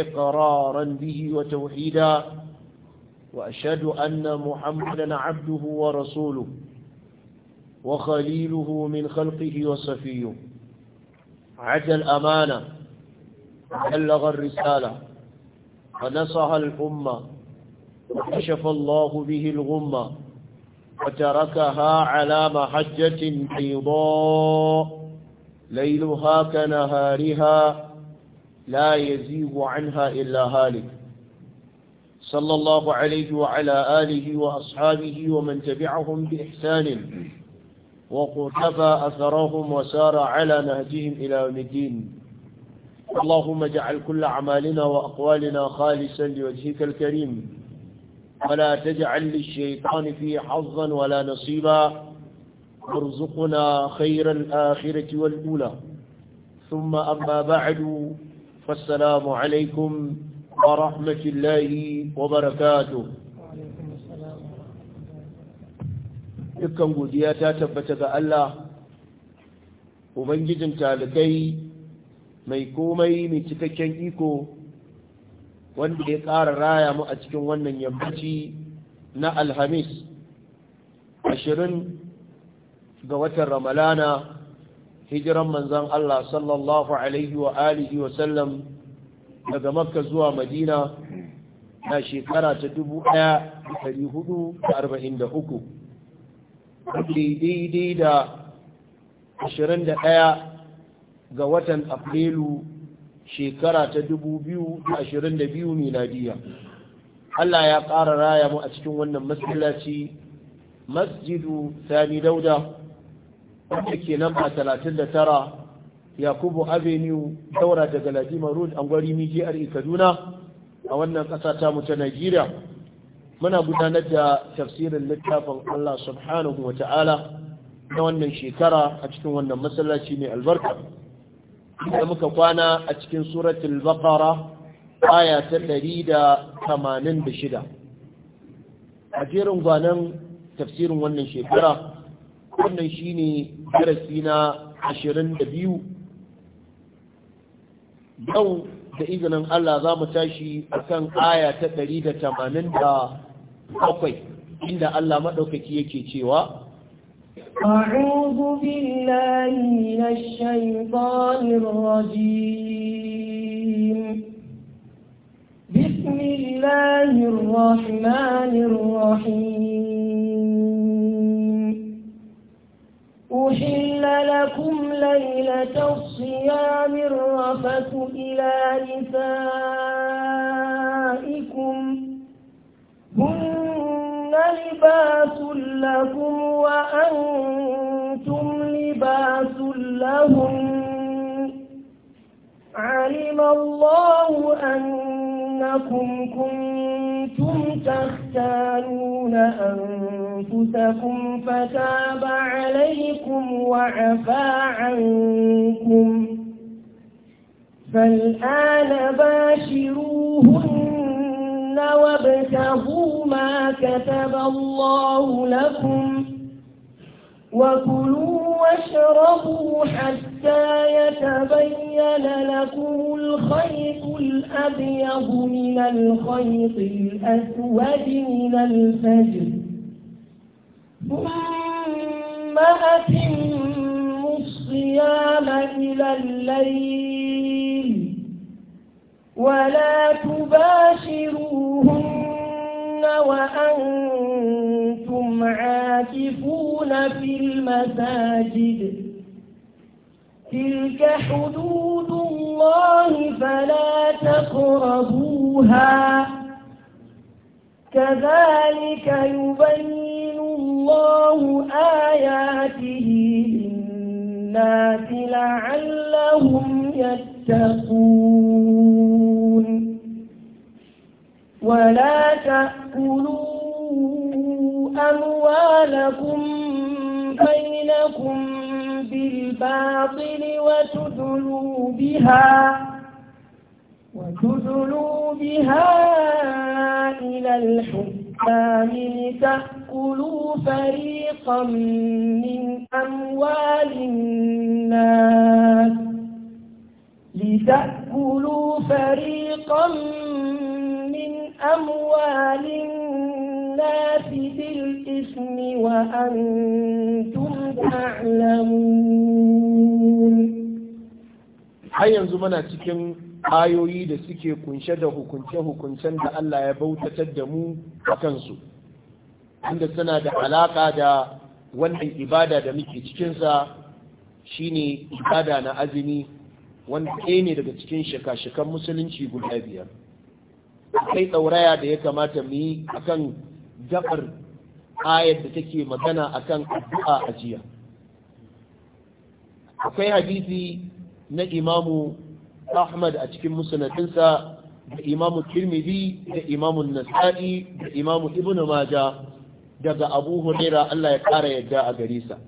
إقرارا به وتوحيدا وأشهد أن محمدا عبده ورسوله وخليله من خلقه وصفيه عد الأمانة وحلغ الرسالة ونصح الأمة وكشف الله به الغمة وتركها على محجة بيضاء ليلها كنهارها لا يزيغ عنها إلا هالك صلى الله عليه وعلى آله وأصحابه ومن تبعهم بإحسان وقتفى أثرهم وسار على نهجهم إلى يوم الدين اللهم اجعل كل أعمالنا وأقوالنا خالصا لوجهك الكريم ولا تجعل للشيطان في حظا ولا نصيبا ارزقنا خير الآخرة والأولى ثم أما بعد فالسلام عليكم ورحمة الله وبركاته dukkan godiya ta tabbata ga Allah ubangijin talibai mai komai mai cikakken iko wanda ya ƙara raya mu a cikin wannan yammaci na alhamis ashirin ga watan ramalana hijiran manzan Allah sallallahu alaihi wa alihi wa sallam daga makka zuwa madina na shekara ta 1443 daidai da 21 ga watan afrilu shekara ta 2022 miladiya Allah ya ƙara raya mu a cikin wannan masallaci masjidu sani dauda wanda ke da tara yakubu avenue daura daga ladima road angwari mijiyar e, kaduna a wannan ƙasa ta mu ta najeriya muna gudanar da tafsirin littafin allah subhanahu wa ta'ala na wannan shekara a cikin wannan masallaci mai albarka da muka kwana a cikin suratul baqara aya ta 186 a jerin gwanan tafsirin wannan shekara wannan shine darasi na ashirin da biyu yau da izinin Allah za mu tashi a kan aya ta ɗari da tamanin da bakwai inda Allah maɗaukaki yake cewa أعوذ بالله من الشيطان الرجيم بسم الله الرحمن الرحيم أحل لكم ليلة الصيام الرفث إلى نسائكم هن لباس لكم وأنتم لباس لهم علم الله أنكم كنتم تختارون أنفسكم أنفسكم فتاب عليكم وعفى عنكم فالآن باشروهن وابتغوا ما كتب الله لكم وكلوا واشربوا حتى يتبين لكم الخيط الأبيض من الخيط الأسود من الفجر ثم أتم الصيام إلى الليل ولا تباشروهن وأنتم عاكفون في المساجد تلك حدود الله فلا تقربوها كذلك يبين الله آياته للناس لعلهم يتقون ولا تأكلوا أموالكم بينكم بالباطل وتدلوا بها وتدلوا بها إلى الحكام لتأكلوا تأكلوا فريقا من أموال الناس لتأكلوا فريقا من أموال الناس بالإثم وأنتم تعلمون har yanzu muna cikin ayoyi da suke kunshe da hukunce-hukuncen da Allah ya bautatar da mu a kansu. wanda suna da alaƙa da wannan ibada da muke cikinsa shine ibada na azumi wanda ɗaya ne daga cikin shaka-shakan musulunci guda biyar akwai ɗauraya da ya kamata mu yi akan gabar ayar da take magana akan addu'a a jiya akwai hadisi na imamu ahmad a cikin musanadinsa da imamu tirmidhi da imamu nasa'i da imamu Ibn maja daga abu huraira Allah ya ƙara yadda a gare sa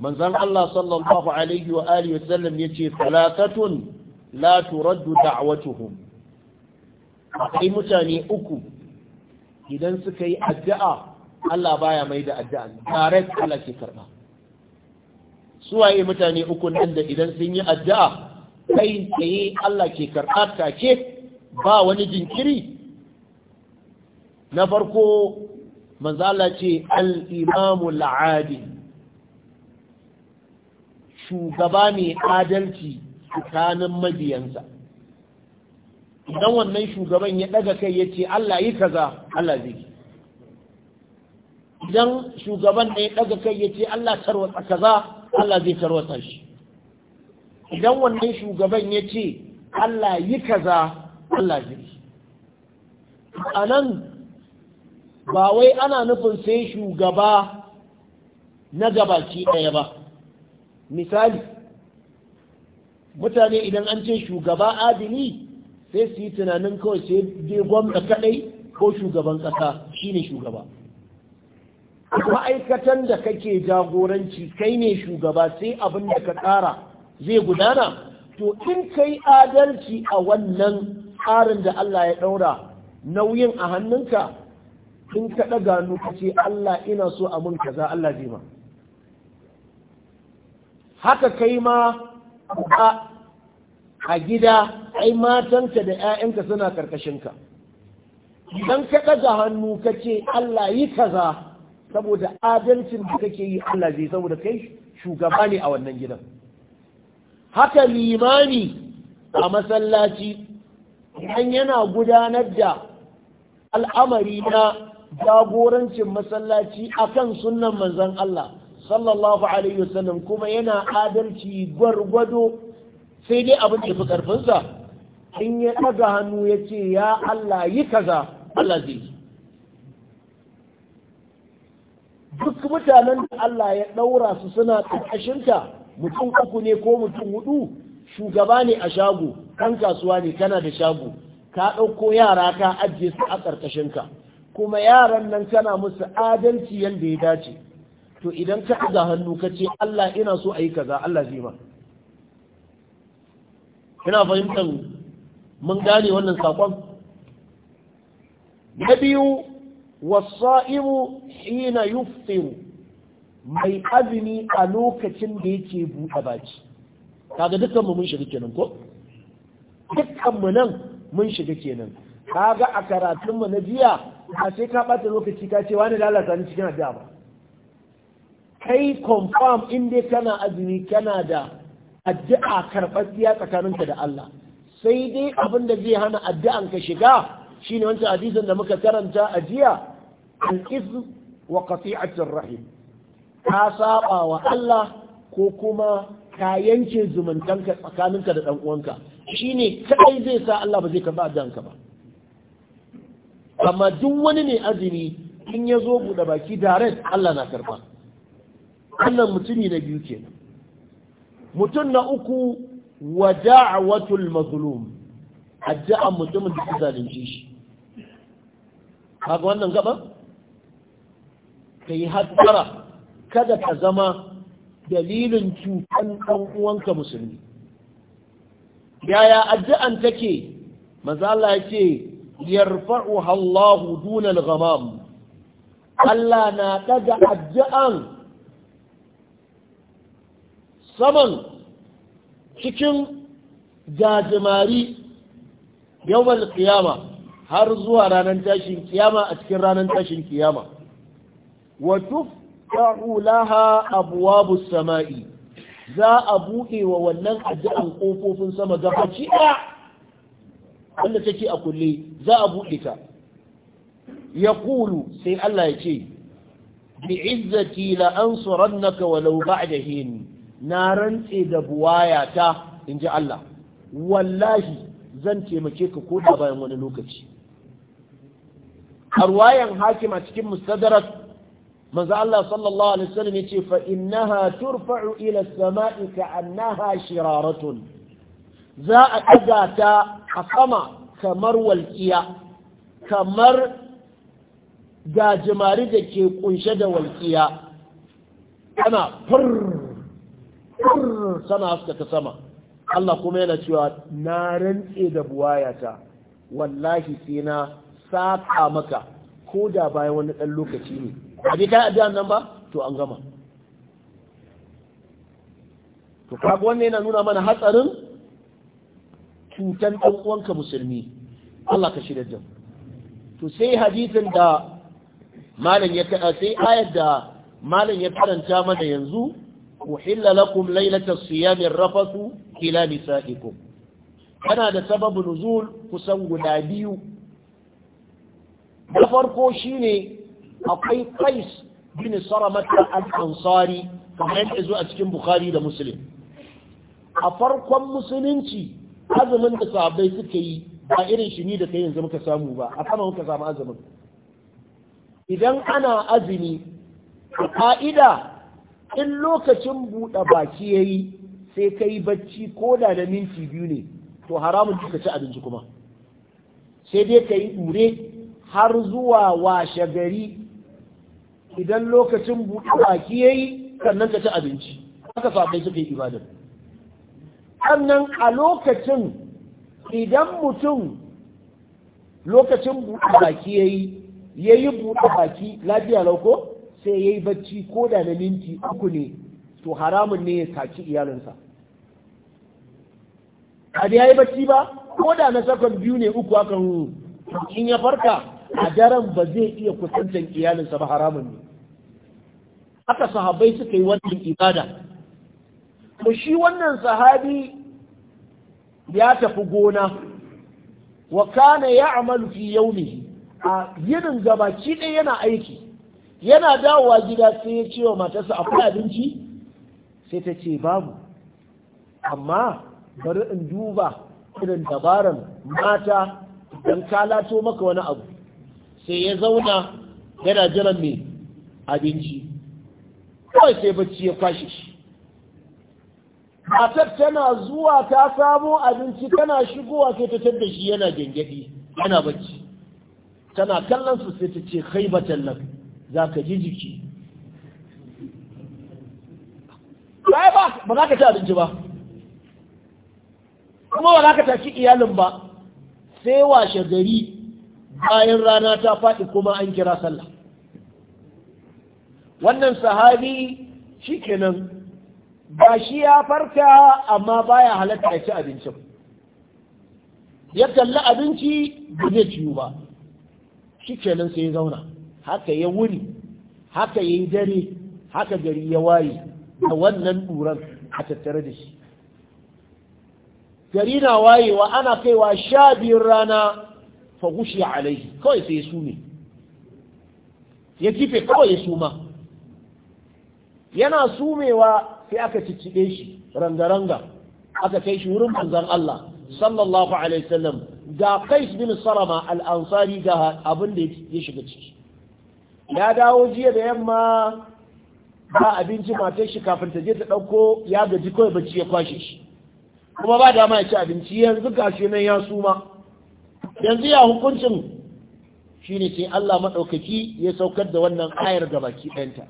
manzon Allah sallallahu alaihi wa alihi wasallam yace salatatun la turaddu da'watuhum akwai mutane uku idan suka yi addu'a Allah baya mai da addu'a tare Allah ke karɓa. karba suwaye mutane uku nan da idan sun yi addu'a kai tsaye Allah ke karɓa take ba wani jinkiri na farko Manzala ce al la'adi, shugaba mai adalci tsakanin mabiyansa idan wannan shugaban ya ɗaga kai ya ce Allah yi kaza Allah zai ji. idan shugaban ne ya ɗaga kai ya ce Allah tarwatsa kaza Allah zai tarwatsa shi idan wannan shugaban ya ce Allah yi kaza Allah zai ji. a nan ba wai ana nufin sai shugaba na gabaki ɗaya ba misali mutane idan an ce shugaba adili sai su yi tunanin kawai sai dai gwamna kaɗai ko shugaban ƙasa shine shugaba ma'aikatan da kake jagoranci kai ne shugaba sai abin da ka tsara zai gudana to in kai adalci a wannan tsarin da Allah ya ɗaura nauyin a hannunka in ka ɗaga ka ce Allah ina so a mun kaza Allah zai haka kai ma a a gida ai matanka da 'ya'yanka suna karkashinka idan ka ɗaga hannu ka ce Allah yi kaza saboda adalcin da kake yi Allah zai saboda kai shugaba ne a wannan gidan haka limani a masallaci idan yana gudanar da al'amari na jagorancin masallaci a kan sunan manzon Allah sallallahu alaihi wasallam kuma yana adalci gwargwado sai dai abin da fi karfinsa in ya ɗaga hannu ya ce ya Allah yi kaza Allah zai yi duk mutanen da Allah ya ɗaura su suna ƙarƙashinta mutum uku ne ko mutum hudu shugaba ne a shago kan kasuwa ne kana da shago ka ɗauko yara ka ajiye su a ƙarƙashinka kuma yaran nan kana musu adalci yadda ya dace to idan ka ɗaga hannu ka ce Allah ina so a yi kaza Allah zai ma ina fahimtar mun gane wannan saƙon na biyu wasa'imu hina yuftiru mai azumi a lokacin da yake buɗe baki kaga dukkan mu mun shiga kenan ko dukkan mu nan mun shiga kenan kaga a karatun mu na jiya ba sai ka ɓata lokaci ka ce wani lalata ni cikin addu'a ba kai confirm in dai kana azumi kana da addu'a karɓaɓɓiya tsakaninka da Allah sai dai abin da zai hana addu'an ka shiga shine wancan hadisin da muka karanta a jiya al-izm wa qati'atir rahim ka saba wa Allah ko kuma ka yanke zumuntanka tsakaninka da dan uwanka shine kai zai sa Allah ba zai karɓa addu'anka ba amma duk wani ne azumi in ya zo buɗe baki direct Allah na karba wannan mutumi na biyu ke. mutum na uku wa da'awatul mazlum addu'a mutumin da zalunci shi kaga wannan gaba kai haddara kada ka zama dalilin cutan ɗan uwanka musulmi yaya addu'an take maza Allah ya yarfa'uha Allah duna al-ghamam Allah na ɗaga addu'an saman cikin jajimari yawan qiyamah har zuwa ranar tashin kiyama a cikin ranar tashin kiyama wa tufta'u laha sama'i za a buɗe wa wannan addu'an ƙofofin sama gabaci ɗaya wanda take a kulle za a buɗe ta ya kulu sai Allah ya ce bi izzati la ansurannaka walau ba'da hin na rantse da buwaya ta inji Allah wallahi zan taimake ka ko da bayan wani lokaci arwayan hakim a cikin mustadrak manzo Allah sallallahu alaihi wasallam yace fa innaha turfa'u ila as-sama'i annaha shiraratun za a ɗaga ta a sama kamar walƙiya kamar gajimari da ke ƙunshe da walƙiya ana furr sana haska ta sama Allah kuma yana cewa na rantse da buwayata wallahi sai na saka maka ko da bayan wani ɗan lokaci ne a bi ta addu'a nan ba to an gama to kaga wannan yana nuna mana hatsarin cutan ɗanuwanka musulmi Allah ka shirya da to sai hadisin da malam ya sai ayar da malam ya karanta mana yanzu uhilla lakum lailatal siyami rafathu ila nisaikum kana da sababu nuzul kusan guda biyu da farko shine akwai qais bin saramata al-ansari kamar yadda a cikin bukhari da muslim a farkon musulunci azumin da sahabbai suka yi ba irin shi ni da kai yanzu muka samu ba a kama muka samu azumin idan ana azumi fa'ida in lokacin buɗe baki yayi sai ka bacci ko da da minti biyu ne to haramun duka ci abinci kuma sai dai ka yi ɗure har zuwa washe gari idan lokacin buɗe baki yayi sannan ka ci abinci haka sahabbai suka yi ibadar sannan a lokacin idan mutum lokacin buɗe baki ya yi ya yi buɗe baki lafiya lauko sai ya yi bacci ko da na minti uku ne to haramun ne ya saki iyalinsa a da ya yi bacci ba ko da na sakon biyu ne uku aka in ya farka a daren ba zai iya kusantan iyalinsa ba haramun ne aka sahabbai suka yi wannan ibada to shi wannan sahabi ya tafi gona wa kana amalu fi yaumi a yinin gabaki ɗaya yana aiki yana dawowa gida sai ya ce wa matarsa akwai abinci sai ta ce babu amma bari in duba irin dabaran mata don kalato maka wani abu sai ya zauna yana jiran mai abinci kawai sai bacci ya kwashe shi matar tana zuwa ta samu abinci tana shigowa sai ta tabda shi yana gengedi yana bacci tana kallon su sai ta ce kai batallan za ka ji jiki ba ba za ka ci abinci ba kuma ba za ka tashi iyalin ba sai washe gari bayan rana ta faɗi kuma an kira sallah wannan sahabi shi kenan ba shi ya farka amma baya halatta ya ci abincin ya kalli abinci ba zai ciyu ba shi kenan sai ya zauna haka ya wuri haka ya yi dare haka gari ya waye da wannan ɗuran a tattare da shi gari na wayewa ana kaiwa sha biyun rana fagushi a alaihi kawai sai ya sume ya kife kawai ya suma yana sumewa sai aka cicciɗe shi ranga-ranga aka kai shi wurin manzon Allah sallallahu alaihi wasallam ga Qais bin Sarama al-Ansari ga abin da ya shiga ciki ya dawo jiya da yamma ba abinci matar shi kafin ta je ta ɗauko ya gaji kawai bacci ya kwashe shi kuma ba dama ya ci abinci yanzu gashi nan ya suma yanzu ya hukuncin shine sai Allah maɗaukaki ya saukar da wannan ayar baki ɗayanta.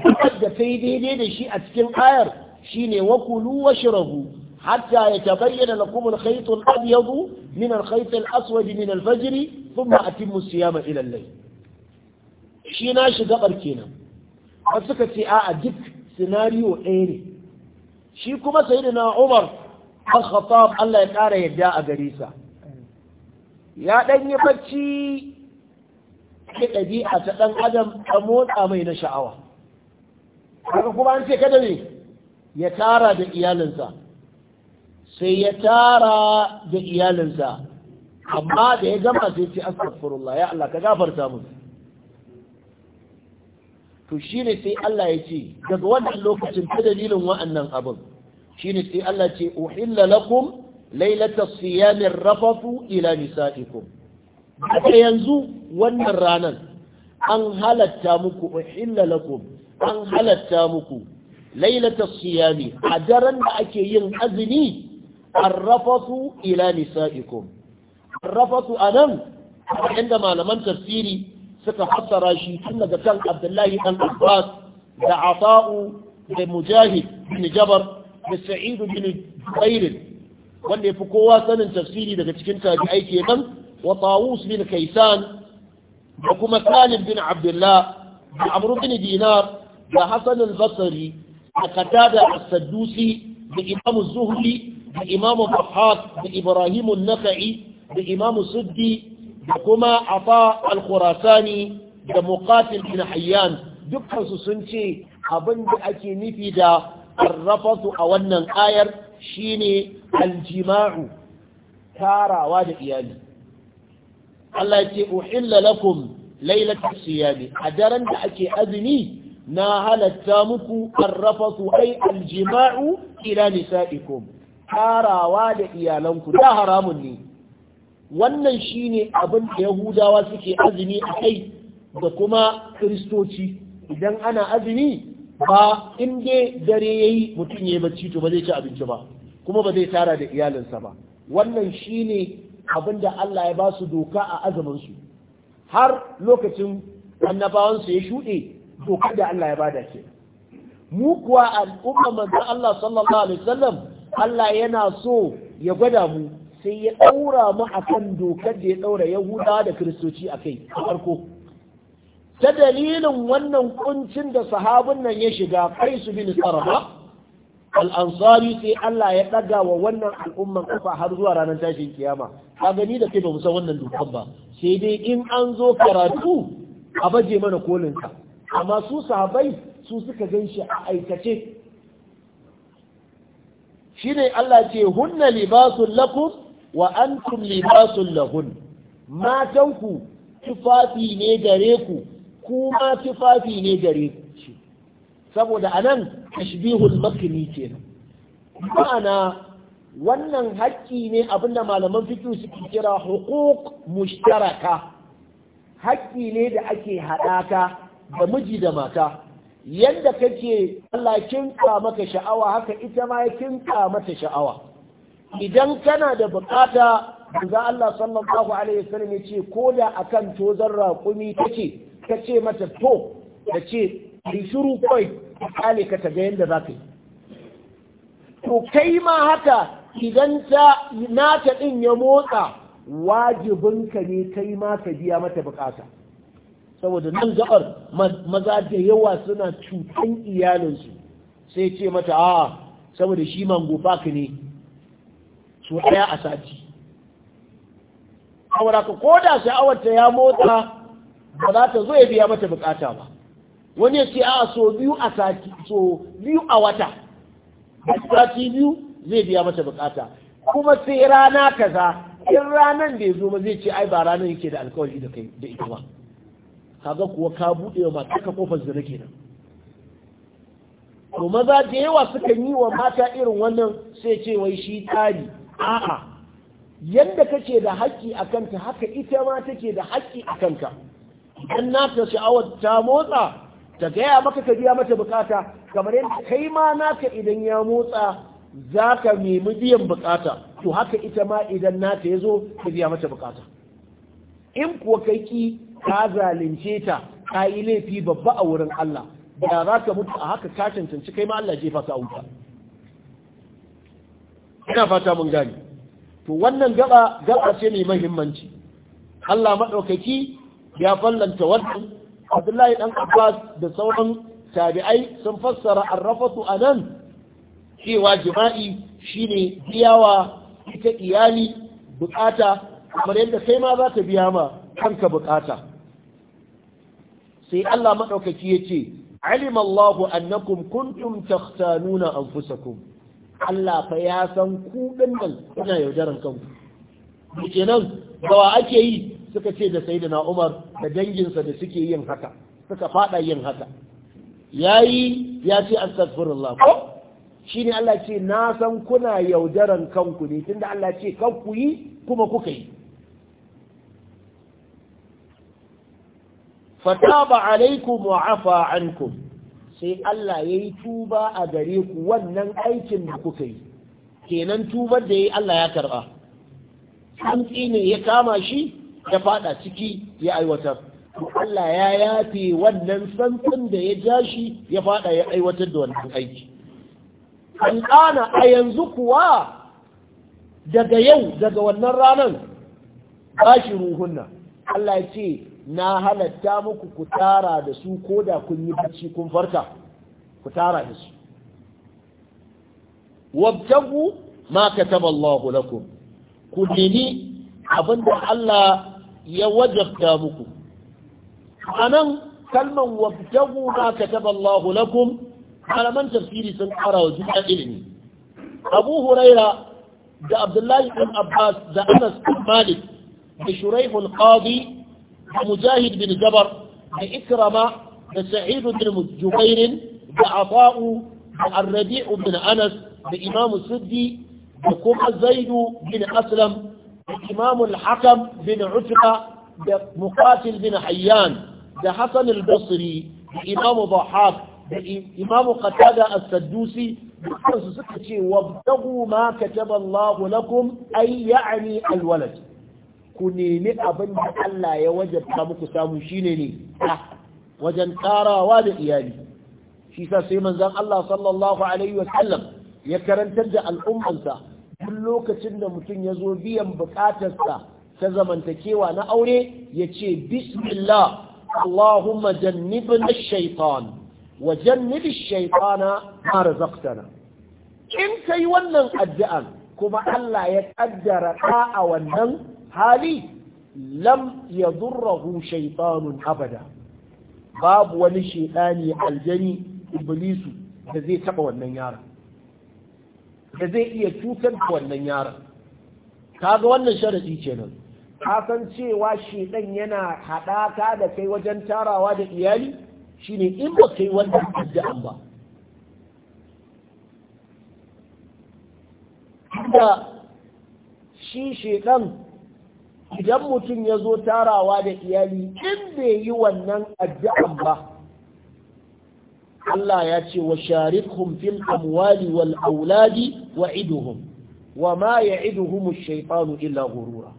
dukkan da ta yi daidai da shi a cikin ayar shine wa kulu wa shirabu hatta ya tabayyana lakum al-khayt al-abyad min al-khayt al-aswad min al-fajr thumma atimmu siyama ila al-layl shi na shiga gabar kenan wasu suka ce a'a duk scenario ɗaya ne shi kuma sayyidina Umar al-Khattab Allah ya ƙara yadda a gare sa ya ɗan yi bacci ɗabi'a ta ɗan adam a motsa mai na sha'awa haka kuma an ce kada ne ya tara da iyalinsa sai ya tara da iyalinsa amma da ya gama sai ce astaghfirullah ya Allah ka gafarta mun to shine sai Allah ya ce daga wannan lokacin ta dalilin wa'annan abin shine sai Allah ce uhilla lakum lailatas siyamir rafatu ila nisaikum daga yanzu wannan ranar an halatta muku uhilla lakum an halatta muku lailata siyami a daren da ake yin azumi arrafasu ila nisa'ikum arrafasu anan inda malaman tafsiri suka fassara shi tun daga kan Abdullahi dan Abbas da Ata'u da Mujahid bin Jabar da Sa'id bin Jubair wanda yafi kowa sanin tafsiri daga cikin tabi'ai kenan wa Tawus bin Kaisan da kuma Salim bin Abdullah da Amr bin Dinar da Hassan al-Basri da Qatada as sadusi da Imam Zuhri da Imam Bahaq da Ibrahim an da Imam Suddi da kuma Afa al-Khurasani da Muqatil bin Hayyan dukkan su sun ce abin da ake nufi da arrafatu a wannan ayar shine aljima'u tarawa da iyali Allah ya ce uhilla lakum lailatul siyami a daren da ake azumi na halatta muku arrafasu ai aljima'u ila nisa'ikum tarawa da iyalanku da haramun ne wannan shine abin da yahudawa suke azumi a kai da kuma kristoci idan ana azumi ba in dare yayi mutum ya bacci to ba zai ci abinci ba kuma ba zai tara da iyalinsa ba wannan shine abin da Allah ya ba su doka a azumin su har lokacin annabawansu ya shuɗe to kada Allah ya bada ke mu kuwa al'umma manzon Allah sallallahu alaihi wasallam Allah yana so ya gwada mu sai ya daura mu akan dokar da ya daura yahuda da Kiristoci akai a farko ta dalilin wannan kuncin da sahabun nan ya shiga kai Qais bin Al-ansari sai Allah ya ɗaga wa wannan al'umman kafa har zuwa ranar tashin kiyama ka gani da kai ba mu san wannan dokar ba sai dai in an zo karatu a baje mana kolinka amma su sahabai su suka gan shi a aikace shi ne Allah ce hunna libasun lakum wa antum libasun lahun matanku tufafi ne gare ku kuma tufafi ne gare ku saboda anan tashbihul makni kenan ma'ana wannan haƙƙi ne abinda malaman fiƙi suke kira hukuk mushtaraka haƙƙi ne da ake haɗaka da miji da mata yadda kake Allah kinka maka sha'awa haka ita ma ya kinka mata sha'awa idan kana da bukata za Allah sallallahu alaihi wasallam ya ce ko da akan tozar raƙumi take kace ce mata to da ce shiru koi kale ka taga yadda za yi to kai ma haka idan ta nata ɗin ya motsa wajibinka ne kai ma ka biya mata bukata saboda nan gabar maza da yawa suna cutan iyalinsu sai ce mata a saboda shi ka ne su aya a sati saboda ka koda sha'awarta ya motsa ba za ta zo ya biya mata bukata ba wani ya ce a so biyu a sati so biyu a wata a sati biyu zai biya mata bukata kuma sai rana kaza in ranar da ya zo ba zai ce ai ba ranar yake da alkawari da ita ba kaga kuwa ka buɗe wa ka kofar nake kenan to maza da yawa suka yi wa mata irin wannan sai ce wai shi tsari a'a yadda kake da haƙƙi a kanta haka ita ma take da haƙƙi a kanka idan nata sha'awar ta motsa ta gaya maka ka biya mata bukata kamar yadda kai ma naka idan ya motsa za ka nemi biyan bukata to haka ita ma idan nata ya zo ka biya mata bukata in kuwa kai ki ka zalunce ta ka yi laifi babba a wurin Allah da za ka mutu a haka ka cancanci kai ma Allah jefa ka auta ina fata mun gani to wannan gaba gaba ce mai muhimmanci. Allah madaukaki ya fallanta wannan Abdullahi dan Abbas da sauran tabi'ai sun fassara arrafatu anan cewa jima'i shine biyawa ita iyali bukata kamar yadda kai ma za ta biya ma kanka bukata sai Allah maɗaukaki ya ce alim Allahu annakum kuntum takhtanuna anfusakum Allah fa ya san ku nan kuna yaudaran kanku kenan gawa ake yi suka ce da sayyidina Umar da danginsa da suke yin haka suka faɗa yin haka yayi ya ce astaghfirullah ko shi ne Allah ce na san kuna yaudaran kanku ne tunda Allah ce ku yi kuma kuka yi fataba alaikum wa afa ankum sai Allah yayi tuba a gare ku wannan aikin da kuka yi kenan tubar da yayi Allah ya karba hantsi ne ya kama shi ya fada ciki ya aiwatar Allah ya yafe wannan santsin da ya ja shi ya fada ya aiwatar da wannan aiki an a yanzu kuwa daga yau daga wannan ranar bashi ruhunna Allah ya ce na halatta muku ku tara da su ko da kun yi bacci kun farka ku tara da su wabtagu ma kataba Allahu lakum ku nemi abinda Allah ya wajabta muku anan kalman wabtagu ma kataba Allahu lakum malaman tafsiri sun kara wa juna ilimi Abu Huraira da Abdullahi bin Abbas da Anas ibn Malik da Shuraih qadi da mujahid bin jabar da ikrama da sa'idu bin jubairin da afa'u da arrabi'u bin anas da Imam siddi da kuma zaidu bin aslam da imamu hakam bin utba da muqatil bin hayyan da hasan al-basri da imamu dhahab da imamu qatada Asadusi saddusi dukkan su suka ce wabtagu ma kataba Allah lakum ay ya'ni al-walad ku nemi abin da Allah ya wajabta muku samu shine ne wajen tarawa da iyali shi sa sai manzon Allah sallallahu alaihi wasallam ya karantar da al'ummansa duk lokacin da mutum ya zo biyan bukatarsa ta zamantakewa na aure ya ce bismillah اللهم جنبنا الشيطان وجنب الشيطان ما رزقتنا in kai wannan addu'an kuma Allah ya kaddara ka a wannan hali lam ya yadurruhu shaytanun abada babu wani shaytani aljani iblisu da zai taba wannan yara da zai iya cutar da wannan yaron kaga wannan sharadi kenan ka san cewa shedan yana haɗaka da kai wajen tarawa da iyali shine in ba kai wannan addu'an ba da shi shedan idan mutum ya zo tarawa da iyali in bai yi wannan addu'an ba Allah ya ce wa sharikhum fil amwali wal auladi wa iduhum wa ma ya'iduhum ash-shaytanu illa Ka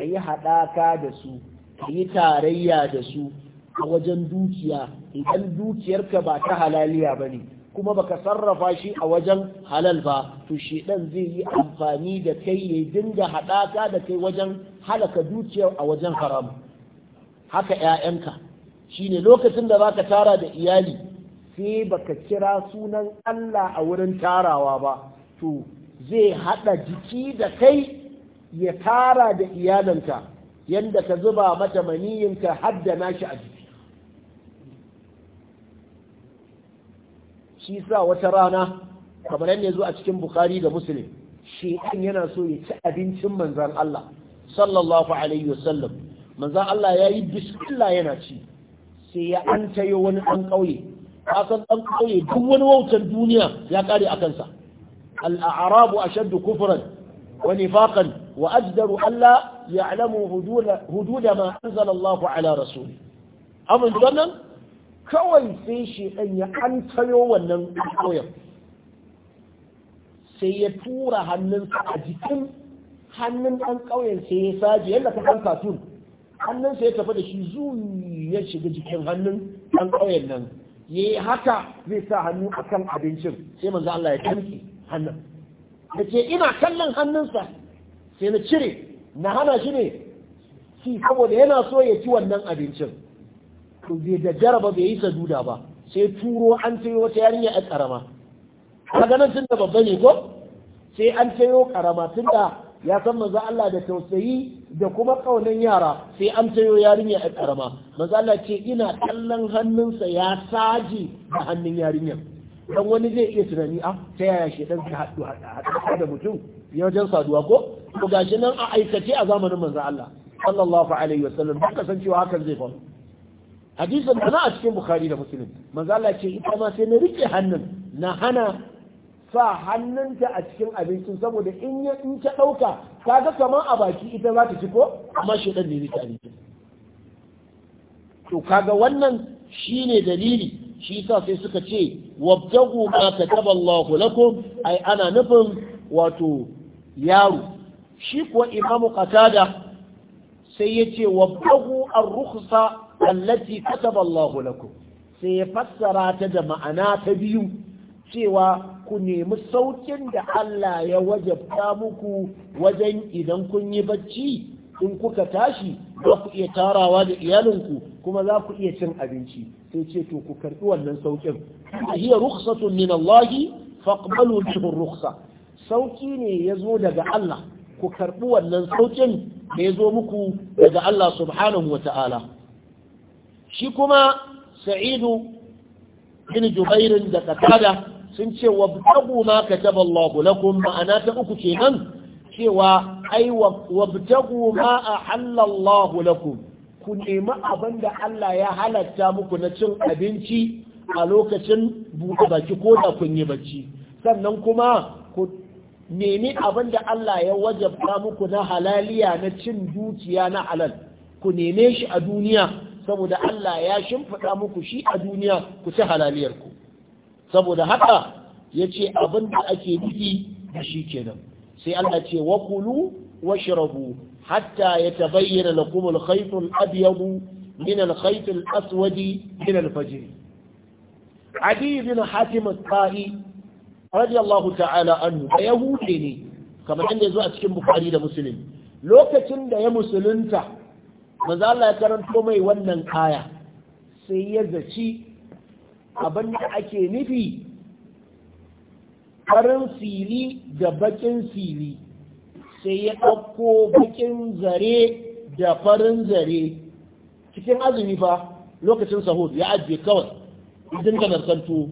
kayi haɗaka da su kayi tarayya da su a wajen dukiya idan dukiyarka ba ta halaliya bane kuma baka sarrafa shi a wajen halal ba to shedan zai yi amfani da kai ya dinga haɗaka da kai wajen halaka dukiyar a wajen haramu haka 'ya'yanka shine lokacin da zaka tara da iyali sai baka kira sunan Allah a wurin tarawa ba to zai hada jiki da kai ya tara da iyalanka yadda ka zuba mata maniyinka haddana shi a jiki shi sa wata rana kamar yadda ya zo a cikin bukari da musulun shi yana so ya ci abincin manzan Allah sallallahu alaihi wasallam manzo Allah yayi bismillah yana ci sai ya antayo wani dan kauye kasan dan kauye duk wani wautar duniya ya kare akan sa al-a'rabu ashaddu kufran wa nifaqan wa ajdaru alla ya'lamu hudud ma anzala Allah ala rasuli amma wannan kawai sai shi dan ya antayo wannan kauyen sai ya tura hannunsa a jikin hannun ɗan ƙauyen sai ya saji yadda ka ɗan katun hannun sai ya tafi da shi zuwa ya shiga jikin hannun ɗan ƙauyen nan ya yi haka zai sa hannu a kan abincin sai manzo Allah ya tamke hannun da ce ina kallon hannunsa sai na cire na hana shi ne shi saboda yana so ya ci wannan abincin to bai da jaraba bai yi saduda ba sai turo an sayo wata yarinya a karama kaga nan tunda babba ne ko sai an sayo karama tunda ya san manzo Allah da tausayi da kuma kaunan yara sai an tayo yarinya a karama manzo Allah ce ina kallon hannunsa ya saji da hannun yarinyar dan wani zai iya tunani a ah, ta yaya shi dan ka haɗu da mutum ya wajen saduwa ko to gashi nan a aikace a zamanin manzo Allah sallallahu alaihi wasallam ba cewa hakan zai faru hadisin da na a cikin bukhari da muslim manzo Allah ce ita ma sai na rike hannun na hana sa hannunta a cikin abincin saboda in ya in ta dauka kaga kamar a baki ita za ta ci ko amma shi dan ne ne abinci to kaga wannan shine dalili shi sa sai suka ce wabtagu ma kataba lakum ai ana nufin wato yaro shi kuwa imamu qatada sai yace wabtagu ar-rukhsa allati kataba Allah lakum sai ya fassara ta da ma'ana ta biyu cewa ku nemi saukin da Allah ya wajabta muku wajen idan kun yi bacci in kuka tashi za ku iya tarawa da iyalinku kuma za ku iya cin abinci sai ce to ku karɓi wannan saukin hiya rukhsatun min Allah faqbalu bihi rukhsa sauki ne ya zo daga Allah ku karɓi wannan saukin da ya zo muku daga Allah subhanahu wa ta'ala shi kuma sa'idu bin jubairin da qatada sun ce wa btagu ma kataba Allahu lakum ma'ana ta uku kenan cewa ai wa a ma ahalla Allahu lakum ku nemi abin da Allah ya halatta muku na cin abinci a lokacin buɗe baki ko da kun yi bacci sannan kuma ku nemi abin da Allah ya wajabta muku na halaliya na cin dukiya na halal ku neme shi a duniya saboda Allah ya shimfiɗa muku shi a duniya ku ci halaliyarku saboda haka ya ce abin da ake nufi da shi kenan sai Allah ce wa kulu wa shirabu hatta ya tabayyana lakum kuma khayt al-abyad min al-khayt al-aswad min al-fajr Adi bin Hatim radiyallahu ta'ala anhu da yahudi ne kamar inda yazo a cikin Bukhari da musulun. lokacin da ya musulunta manzo Allah ya karanto mai wannan kaya. sai ya zaci abin da ake nufi farin fili da bakin fili sai ya ɗauko bakin zare da farin zare cikin azumi fa lokacin sahur ya ajiye kawai idan ka narkanto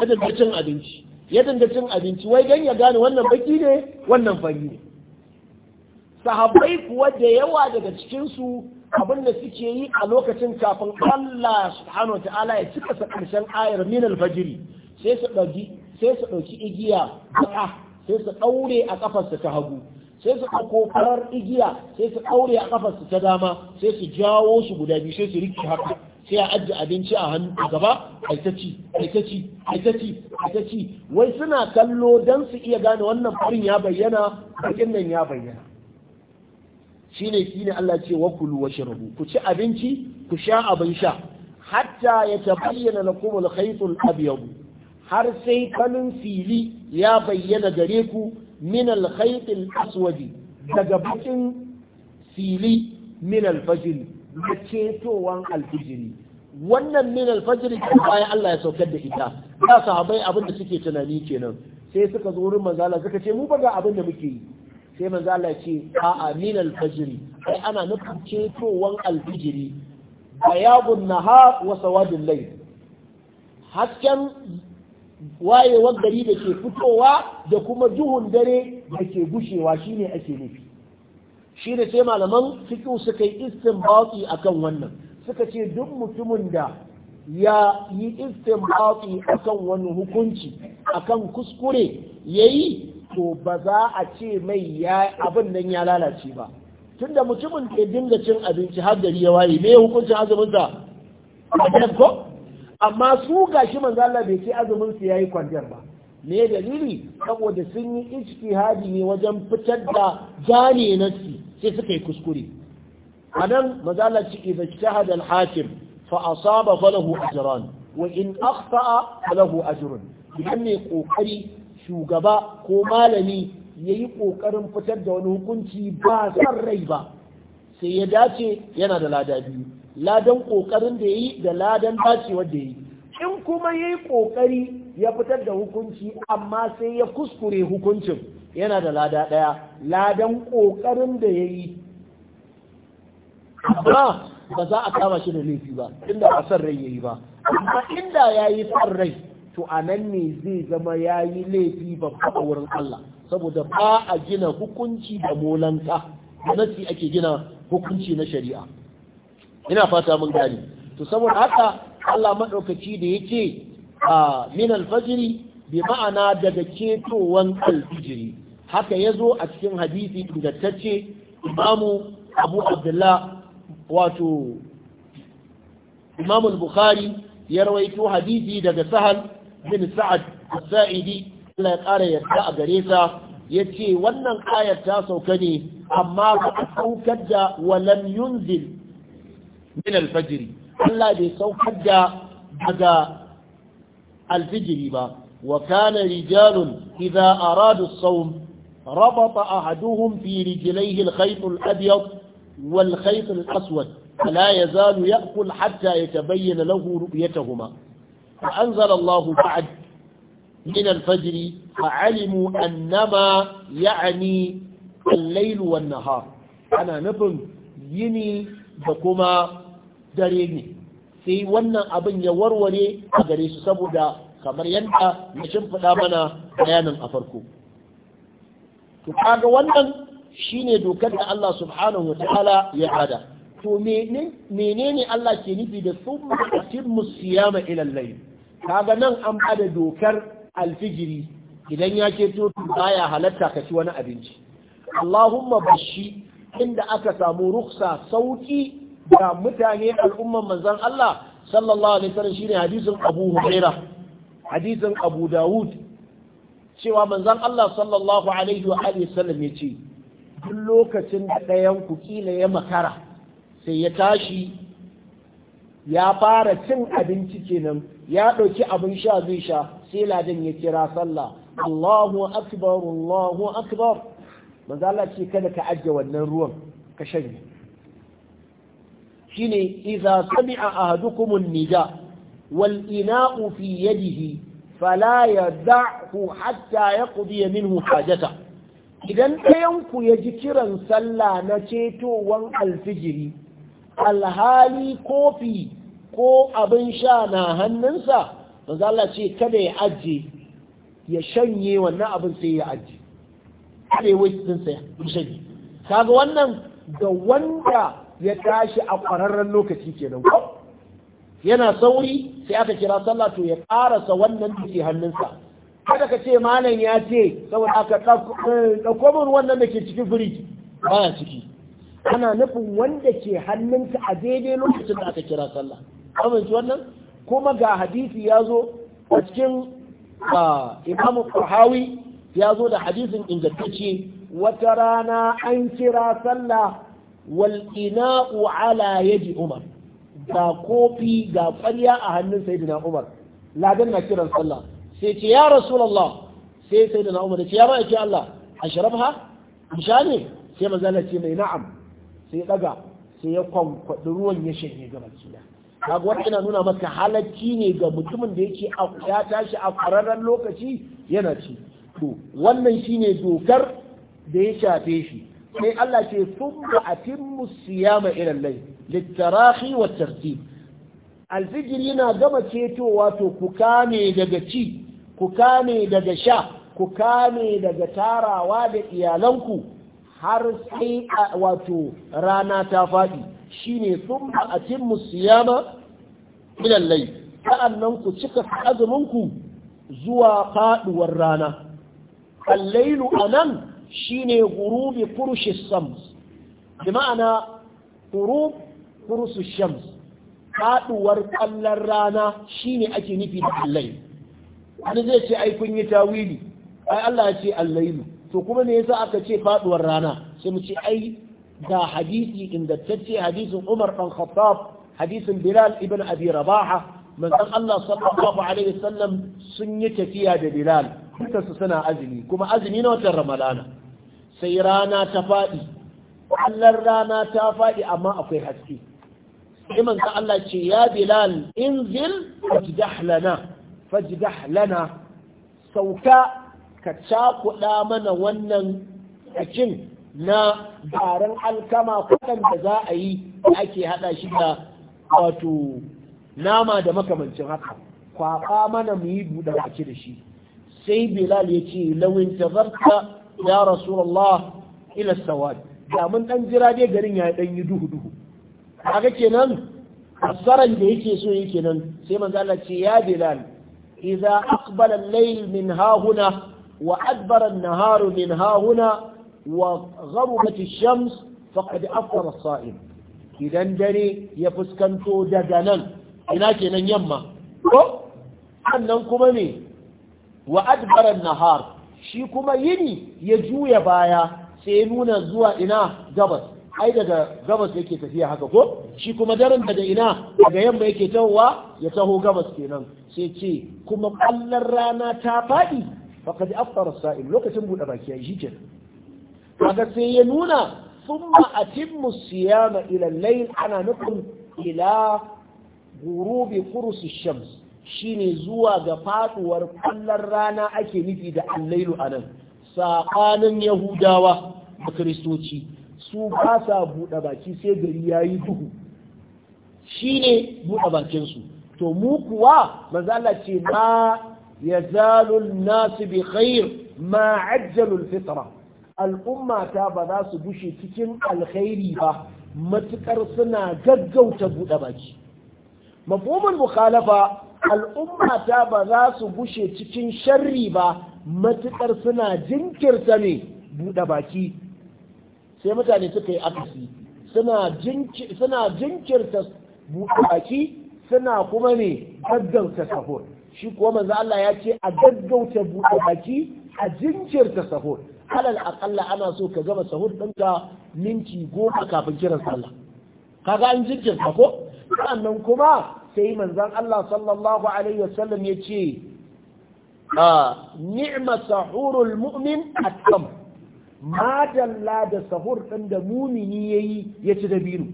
ya cin abinci ya cin abinci wai gan ya gane wannan baki ne wannan fari ne sahabbai kuwa da yawa daga cikinsu abin da suke yi a lokacin kafin Allah subhanahu ta'ala ya cika sa ƙarshen ayar min alfajiri sai su dauki sai su dauki igiya baka sai su daure a su ta hagu sai su ɗauko farar igiya sai su daure a su ta dama sai su jawo su guda biyu sai su rike haka sai a ajiye abinci a hannu a gaba ci ai ta ci wai suna kallo dan su iya gane wannan farin ya bayyana bakin nan ya bayyana shine shine Allah ce wa kulu washrabu ku ci abinci ku sha abin sha hatta yatabayyana lakum al-khayt al-abyad har sai kanin fili ya bayyana gare ku min al-khayt aswad daga bakin fili min al-fajr da cetowan al-fajr wannan min al-fajr bayan Allah ya saukar da ita da sahabbai abin da suke tunani kenan sai suka zo wurin manzala suka ce mu ba ga abin da muke yi sai manzo Allah ce a'a amin al-fajri ai ana nufin cetowan al-fajri bayadun nahar wa sawadul layl hasken wayewar gari da ke fitowa da kuma duhun dare da ke gushewa shine ake nufi shi da sai malaman fiqh suka yi istinbati akan wannan suka ce duk mutumin da ya yi istinbati akan wani hukunci akan kuskure yayi to ba za a ce mai ya abin nan ya lalace ba tunda mutumin ke dinga cin abinci har gari ya waye me hukuncin azumin ko amma su gashi manzo Allah bai ce azumin su yi kwanciyar ba me dalili saboda sun yi ijtihadi ne wajen fitar da na su sai suka yi kuskure anan manzo Allah ce idza ijtahada hakim fa saba falahu ajran wa in akhta'a falahu ajrun idan mai kokari shugaba ko malami ya yi ƙoƙarin fitar da wani hukunci ba san rai ba sai ya dace yana da lada biyu ladan ƙoƙarin da ya yi da ladan dacewar da ya yi in kuma ya yi ƙoƙari ya fitar da hukunci amma sai ya kuskure hukuncin yana da lada ɗaya ladan ƙoƙarin da ya yi ba ba za a kama shi da laifi ba inda ba san rai ya yi ba amma inda ya yi san rai to a nan ne zai zama ya yi laifi babba a wurin Allah saboda ba a gina hukunci da molanka da nasi ake gina hukunci na shari'a ina fata mun gani to saboda haka Allah maɗaukaci da ya ce a bai alfajiri bi ma'ana daga cetowan alfijiri haka ya zo a cikin hadisi ingantacce imamu abu abdullah wato imamu bukhari ya rawaito hadisi daga sahal bin sa'ad as-sa'idi Allah ya ƙara yarda a gare sa yace wannan ayar ta sauka ne amma ba a saukar da walam yunzil min al Allah bai saukar da daga alfijiri ba wa kana rijalun idza aradu as-sawm ربط أحدهم في رجليه الخيط الأبيض والخيط الأسود ya يزال يأكل حتى يتبين له رؤيتهما فأنزل الله بعد من الفجر فعلموا أنما يعني الليل والنهار أنا نفهم يني دكما دريني sai wannan abin ya warware a gare su saboda kamar yadda na shimfiɗa mana bayanin a farko. To kaga wannan shine dokar da Allah subhanahu wa ta'ala ya hada. menene Allah ke nufi da sun mutum musiyama ilallai? kaga nan an bada dokar alfijiri idan ya ce to baya halatta ka ci wani abinci Allahumma bashi inda aka samu ruksa sauki ga mutane al'umman manzon Allah sallallahu alaihi wasallam shine hadisin Abu Huraira hadisin Abu Dawud cewa manzon Allah sallallahu alaihi wa alihi wasallam yace duk lokacin da ɗayan ku kila ya makara sai ya tashi ya fara cin abinci kenan ya ɗauki abin sha zai sha sai ladan ya kira sallah Allahu akbar Allahu akbar manzo Allah ce kada ka ajje wannan ruwan ka shanye shine idza sami'a ahadukum an-nida wal ina'u fi yadihi fala yad'hu hatta yaqdi minhu hajata idan ɗayan ku ya ji kiran sallah na cetowan alfijiri alhali kofi ko abin sha na hannunsa za Allah ce kada ya ajiye ya shanye wannan abin sai ya ajiye kada ya wuce sai ya shanye kaga wannan da wanda ya tashi a ƙwararren lokaci kenan ko yana sauri sai aka kira sallah to ya ƙarasa wannan da ke hannunsa kada ka ce malam ya ce saboda aka eh, ɗauko min wannan da ke cikin firiji baya ciki ana nufin wanda ke hannunka a daidai lokacin da aka kira sallah amince wannan kuma ga hadisi ya zo a cikin imamu kuhawi ya zo da hadisin ingantacce wata rana an kira sallah wal ina'u ala umar ga kofi ga ƙwarya a hannun sayyidina umar ladan na kiran sallah sai ce ya rasulullah sai sayyidina umar ya ce ya ma'aikin Allah ashrabha musha ne sai manzo ce mai na'am sai daga sai ya kwankwaɗi ruwan ya shanye ga baki kaga wannan yana nuna maka halacci ne ga mutumin da yake ya tashi a kararren lokaci yana ci to wannan shine dokar da ya shafe shi sai Allah ce thumma atimmu siyama ila irin laifi. litarahi wa tartib alfijir yana gama cetowa to ku kame daga ci ku kame daga sha ku kame daga tarawa da iyalanku har sai wato rana ta faɗi shine sun ba a cin musiyama ilallai sa'annan ku cika azuminku zuwa faɗuwar rana allailu a nan shine gurubi furushi sams bi ma'ana gurub furushi shams faɗuwar ƙallar rana shi ne ake nufi da allai wani zai ce ai kun yi tawili ai Allah ya ce allailu to kuma me yasa aka ce faduwar rana sai mu ce ai da hadisi ingantacce hadisin Umar ɗan Khattab hadisin Bilal ibn Abi Rabaha manzon Allah sallallahu alaihi wasallam sun yi tafiya da Bilal duka su suna azumi kuma azumi na watan Ramadana sai rana ta faɗi Allah rana ta faɗi amma akwai haske sai manzon Allah ce ya Bilal inzil fajdah lana fajdah lana sauka ka cakuɗa mana wannan kakin na garin alkama da za a yi da ake haɗa shi da wato nama da makamancin haka kwaɓa mana mu yi buɗe baki da shi sai bilal ya ce lawin tazarta ya rasulullah ila sawad da mun dan jira dai garin ya dan yi duhu duhu kaga kenan asaran da yake so yake nan sai manzo Allah ce ya bilal idza aqbala al-layl min hahuna وأدبر النهار من ها هنا وغربت الشمس فقد أفطر الصائم إذا دري يفسكنتو ددنا إنا كنا يما أنهم كمني وأدبر النهار shi kuma yini ya juya baya sai nuna zuwa ina gabas ai daga gabas yake tafiya haka ko shi kuma daren daga ina daga yamma yake tahowa ya taho gabas kenan sai ce kuma kwallon rana ta faɗi faqad aftara sa'im lokacin buɗe baki ya shi sai ya nuna sun atimmu siyama ila al ana nufin ila gurubi qurus shams shine zuwa ga faɗuwar kullar rana ake nufi da allailu a anan saƙanin yahudawa da kiristoci su ba sa buɗe baki sai gari ya yi duhu shi ne buɗe bakinsu to mu kuwa mazala ce na yazalu an-nas bi khair ma ajjalu al-fitra al'umma ta ba za su bushe cikin alkhairi ba matukar suna gaggauta buɗe baki mafhumul mukhalafa al'umma ta ba za su bushe cikin sharri ba matukar suna jinkirta ne buɗe baki sai mutane suka yi akasi suna jinkirta buɗe baki suna kuma ne gaggauta sahur shi kuwa manzo Allah ya ce a gaggauta buɗe baki a jinkirta sahur alal aqalla ana so ka gama sahur ɗinka minti goma kafin kiran sallah kaga an jinkirta ko sannan kuma sai manzon Allah sallallahu alaihi wasallam ya ce ni'ma sahurul mu'min at-tam ma dalla da sahur ɗin da mumini yayi ya ci dabino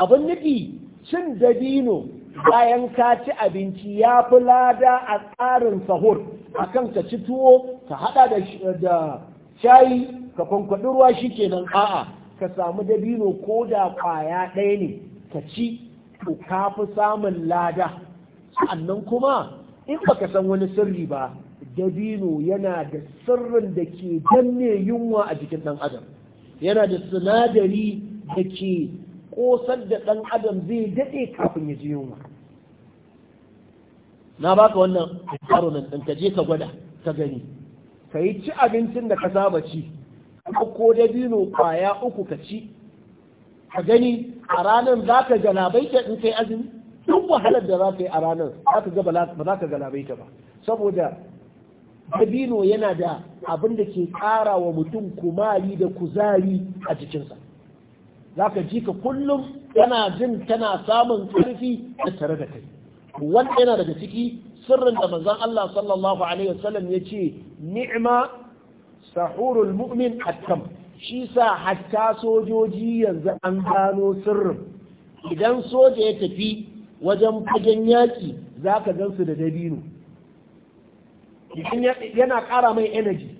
abin nufi cin dabino bayan ka ci abinci ya fi lada a tsarin sahur A kan ka ci tuwo ka hada da shayi ka kwankwaɗi ruwa shi kenan a'a ka samu dabino ko da kwaya ɗaya ne ka ci to ka fi samun lada sannan kuma in baka san wani sirri ba dabino yana da sirrin da ke danne yunwa a jikin ɗan adam yana da sinadari da ke Kosar da ɗan adam zai daɗe kafin ya ji yunwa na baka wannan karo nan ɗin ka ka gwada ka gani ka yi ci abincin da ka saba ci ko dabino kwaya uku ka ci ka gani a ranar za ka galabaita in kai azumi duk wahalar da za ka yi a ranar ba za ka galabaita ba saboda dabino yana da abin da ke ƙara wa mutum kumari da kuzari a jikinsa za ka ji ka kullum yana jin tana samun ƙarfi da tare da kai wanda yana daga ciki sirrin da manzon Allah sallallahu alaihi wasallam ya ce ni'ma sahurul mu'min attam shi sa hatta sojoji yanzu an gano sirrin idan soja ya tafi wajen fagen yaƙi za ka gansu da dabino yana ƙara mai energy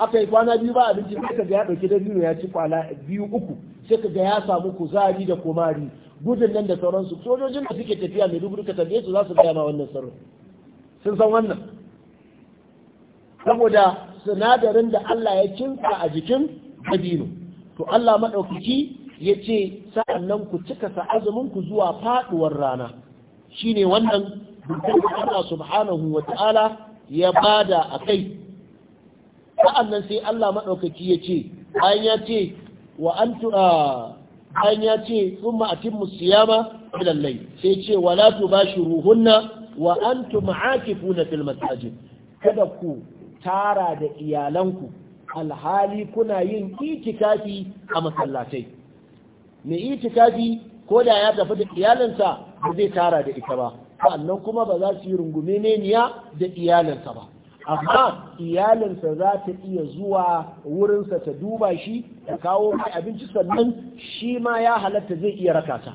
aka yi kwana biyu ba abinci sai ka ya ɗauki dabino ya ci kwala biyu uku sai ka ga ya samu kuzari da komari gudun nan da sauransu sojojin da suke tafiya mai rubutu ka tambaye su za su gaya ma wannan sarrafa sun san wannan saboda sinadarin da Allah ya kinsa a jikin dabino to Allah maɗaukaki ya ce sa'annan ku cika sa'azumin ku zuwa faɗuwar rana shine wannan dukkan Allah subhanahu wa ta'ala ya bada a kai sa'annan sai Allah maɗaukaki ya ce bayan ya ce wa an tu'a an ya ce kuma a timmu siyama ilallai sai ce wala tu ba shi ruhunna wa an tu ma'akifu na fil kada ku tara da iyalanku alhali kuna yin itikafi a masallatai me itikafi ko da ya tafi da iyalansa ba zai tara da ita ba sannan kuma ba za su yi rungume ne niya da iyalansa ba amma iyalinsa za ta iya zuwa wurinsa ta duba shi ta kawo mai abinci sannan shi ma ya halatta zai iya rakata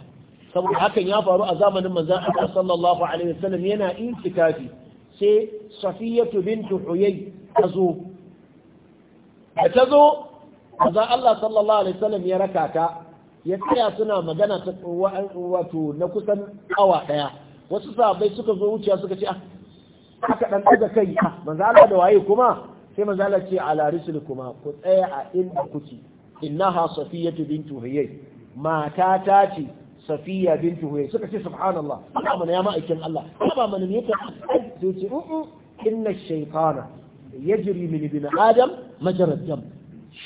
saboda hakan ya faru a zamanin manzon Allah sallallahu alaihi wasallam yana intikafi sai Safiyatu bintu huyai ta zo da ta zo manzon Allah sallallahu alaihi wasallam ya rakata ya tsaya suna magana ta wato na kusan awa daya wasu sahabbai suka zo wuciya suka ce ah, aka ɗan daga kai ah, manzo da waye kuma sai manzo ce ala risul kuma ku tsaya a inda kuke innaha safiyatu bintu huyay mata ta ce safiya bintu huyay suka ce subhanallah Allah mana ya ma'aikin Allah ba mana ne ta sai ce uh inna shaytana yajri min ibn adam majra dam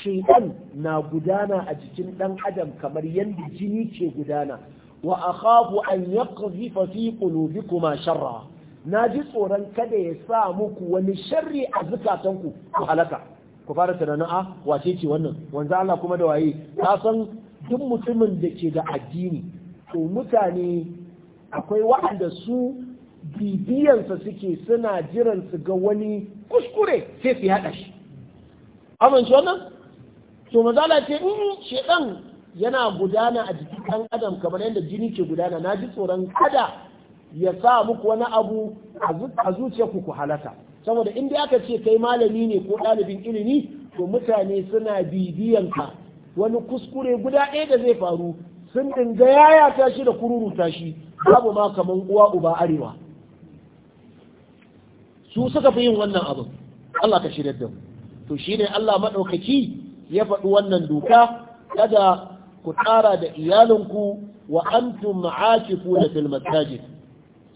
shaytan na gudana a jikin dan adam kamar yanda jini ke gudana wa akhafu an yaqdhifa fi qulubikuma sharra na ji tsoron kada ya sa muku wani sharri a zukatanku ku halaka ku fara tunanin ah, wace ce wannan wanzu Allah kuma da waye ka san duk mutumin da ke da addini to mutane akwai waɗanda su bibiyansa suke suna jiran su ga wani kuskure sai su yaɗa shi amince wannan to mazala ce in mm, dan. yana gudana a jikin ɗan adam kamar yadda jini ke gudana na ji tsoron kada ya sa muku wani abu a zuciyarku ku halaka saboda inda aka ce kai malami ne ko ɗalibin ilimi to mutane suna bibiyan ka wani kuskure guda ɗaya da zai faru sun dinga yaya ta shi da ta shi babu ma kamar uwa uba arewa su suka fi yin wannan abu Allah ka shirya da To shi ne Allah maɗaukaki ya faɗi wannan doka kada ku tsara da iyalinku wa antum ma'akifuna fil masajid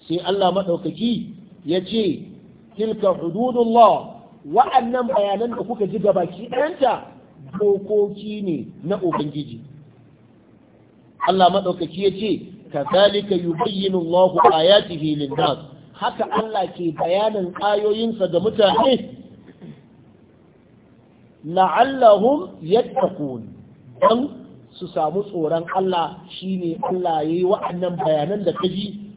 sai Allah maɗaukaki ya ce tilka hududullah wa'annan bayanan da kuka ji gabaki ɗayanta dokoki ne na ubangiji Allah maɗaukaki ya ce kazalika yubayyinu Allahu ayatihi lin-nas haka Allah ke bayanin ayoyinsa ga mutane la'allahum yattaqun dan su samu tsoron Allah shine Allah yayi wa'annan bayanan da kaji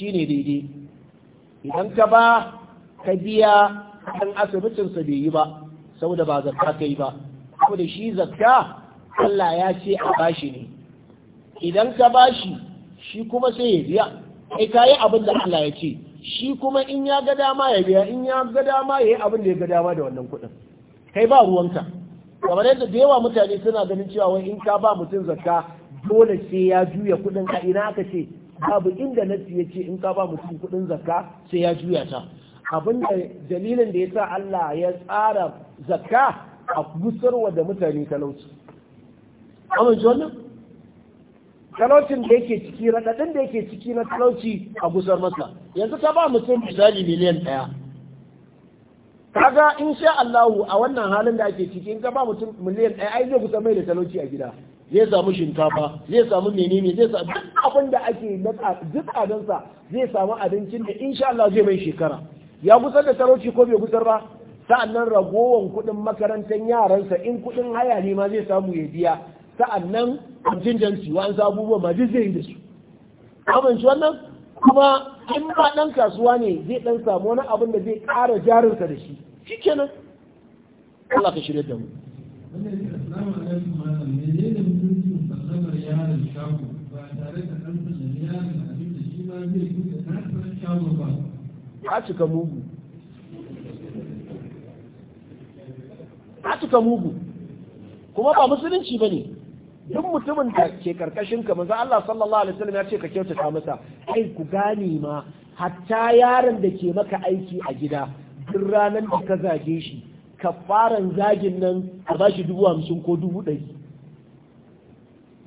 Shi ne daidai idan ka ba ka biya kan asibitinsa bai yi ba saboda ba zakka ka yi ba saboda shi zakka Allah ya ce a bashi ne idan ka bashi shi kuma sai ya biya kai ka yi abin da Allah ya ce shi kuma in ya ga dama ya biya in ya ga dama ya yi abin da ya ga dama da wannan kuɗin kai ba ruwanka kamar yadda da yawa mutane suna ganin cewa wai in ka ba mutum zakka dole sai ya juya kuɗin ka ina aka ce babu inda nasi ya ce in ka ba mutum kuɗin zakka sai ya juya ta abin da dalilin da ya sa Allah ya tsara zakka a gusarwa da mutane talauci amma wannan? talaucin da yake ciki raɗaɗin da yake ciki na talauci a gusar masa yanzu ta ba mutum misali miliyan ɗaya kaga in sha Allahu a wannan halin da ake ciki in ka ba mutum miliyan ɗaya ai zai kusa mai da talauci a gida zai samu shinkafa zai samu menene zai samu duk abin da ake na duk adansa zai samu abincin da insha Allah zai mai shekara ya gusar da talauci ko bai gusar ba sa'annan ragowan kuɗin makarantar yaransa in kuɗin haya ne ma zai samu ya biya sa'annan contingency wa an abubuwa ma duk zai yi da su shi wannan kuma in ba ɗan kasuwa ne zai dan samu wani abin da zai ƙara jarinsa da shi shikenan Allah ka shirya da mu wanda ke assalamu alaikum malam me ne da mutuncin sallamar yaron shago ba tare da an sallami yaron abin da shi ma zai buɗe nasar shago ba a cika mugu a cika mugu kuma ba musulunci ba ne duk mutumin da ke karkashin ka manzo Allah sallallahu alaihi wasallam ya ce ka kyautata masa ai ku gane ma hatta yaron da ke maka aiki a gida duk ranar da ka zage shi kafaran zagin nan a ba shi dubu hamsin ko dubu ɗari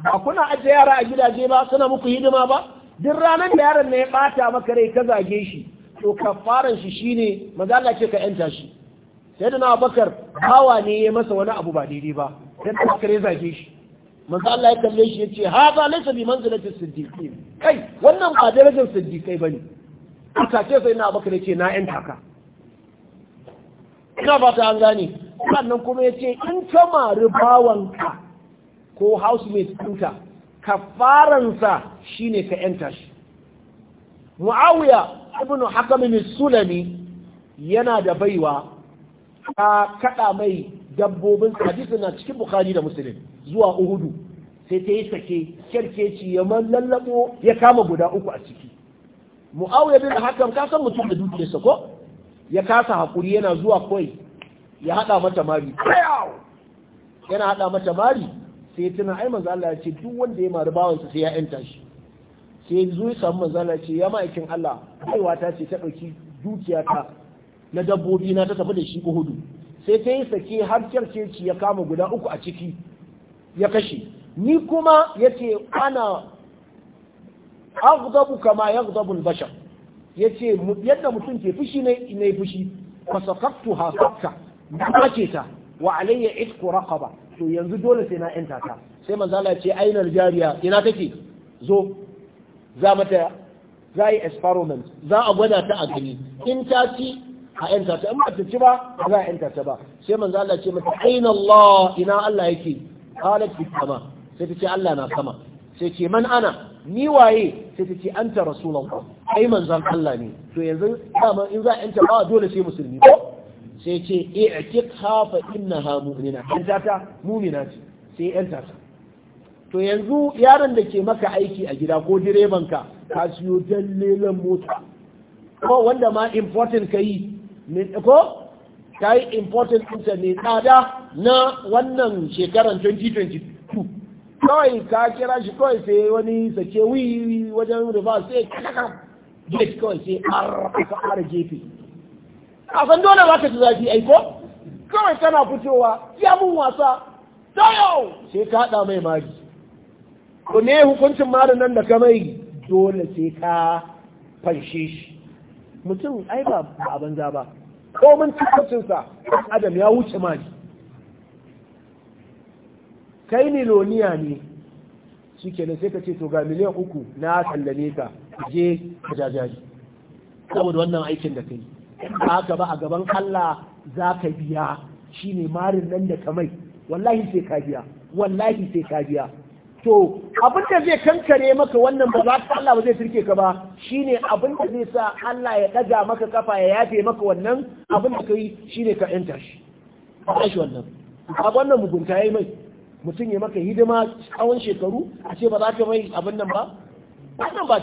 ba kuna ajiye yara a gidaje ba suna muku hidima ba duk ranar da yaron na ya ɓata maka rai ka zage shi to kafaran shi ne maza ce ka yanta shi sai da na bakar hawa ne ya masa wani abu ba daidai ba sai da maka rai zage shi maza Allah ya kalle shi ya ce ha ba laisa bi manzilati siddiqin kai wannan ba darajar ba ne. ne. ce sai na bakar ya ce na yanta ka ina ba ta an gane sannan kuma ya ce in ka mari ka ko housemate ɗinka kafaransa shine ka yanta shi mu'awiya ibn hakamin sulami yana da baiwa ta kaɗa mai dabbobin hadisi na cikin bukhari da musulun zuwa uhudu sai ta yi sake kyarkeci ya man ya kama guda uku a ciki mu'awiya bin hakan ka san mutum da dukiyarsa ko ya kasa hakuri yana zuwa kawai ya hada mata mari yana hada mata mari sai tuna ai manzo Allah ya ce duk wanda ya mari bawansa sai ya yanta shi sai zo ya samu manzo Allah ya ce ya ma'aikin Allah kaiwa ta ce ta dauki dukiyata na dabbobi na ta tafi da shi hudu sai ta yi sake har ci ya kama guda uku a ciki ya kashe ni kuma yace ana aghdabu kama yaghdabu al-bashar ya ce yadda mutum ke fushi ne na yi fushi fa sakattu ha sakka na kace ta wa alayya raqaba to yanzu dole sai na yanta ta sai manzo Allah ya ce ainar jariya ina take zo za mata za yi experiment za a gwada ta a gani in ta ci a yanta ta in ba ta ci ba za a yanta ta ba sai manzo Allah ya ce mata aina Allah ina Allah yake qalat fi sama sai ta ce Allah na sama sai ce man ana ni waye sai ta ce anta rasulullah ai manzon Allah ne to yanzu dama in za a yanta ba dole sai musulmi ko sai ce eh, i'tiqha fa innaha mu'mina yanta ta mu'mina ce sai yanta ta to yanzu yaron da ke maka aiki a gida ko direban ka ka siyo dallelan mota ko wanda ma important ka yi ko kai important ɗinsa ne tsada na wannan shekaran 2022 kawai ka kira shi kawai sai wani sake wi wajen riba sai kaka gate kawai sai har aka har gefe a san dole za ka ci zafi aiko kawai kana fitowa ya mun wasa tayo sai ka haɗa mai magi ko ne hukuncin marin nan da ka mai dole sai ka fanshe shi mutum ai ba a banza ba komin cikacinsa adam ya wuce magi kai miloniya ne shi kenan sai ka ce to ga miliyan uku na sallame ka je ka jajaji saboda wannan aikin da kai haka ba a gaban Allah za ka biya shi ne marin nan da kamai wallahi sai ka biya wallahi sai ka biya to abin da zai kankare maka wannan ba za ka Allah ba zai turke ka ba shi ne abin da zai sa Allah ya daga maka kafa ya yafe maka wannan abin da kai ne ka yanta shi ba shi wannan a wannan mugunta yayi mai mutum ya maka hidima tsawon shekaru a ce ba za ka mai abin nan ba wannan ba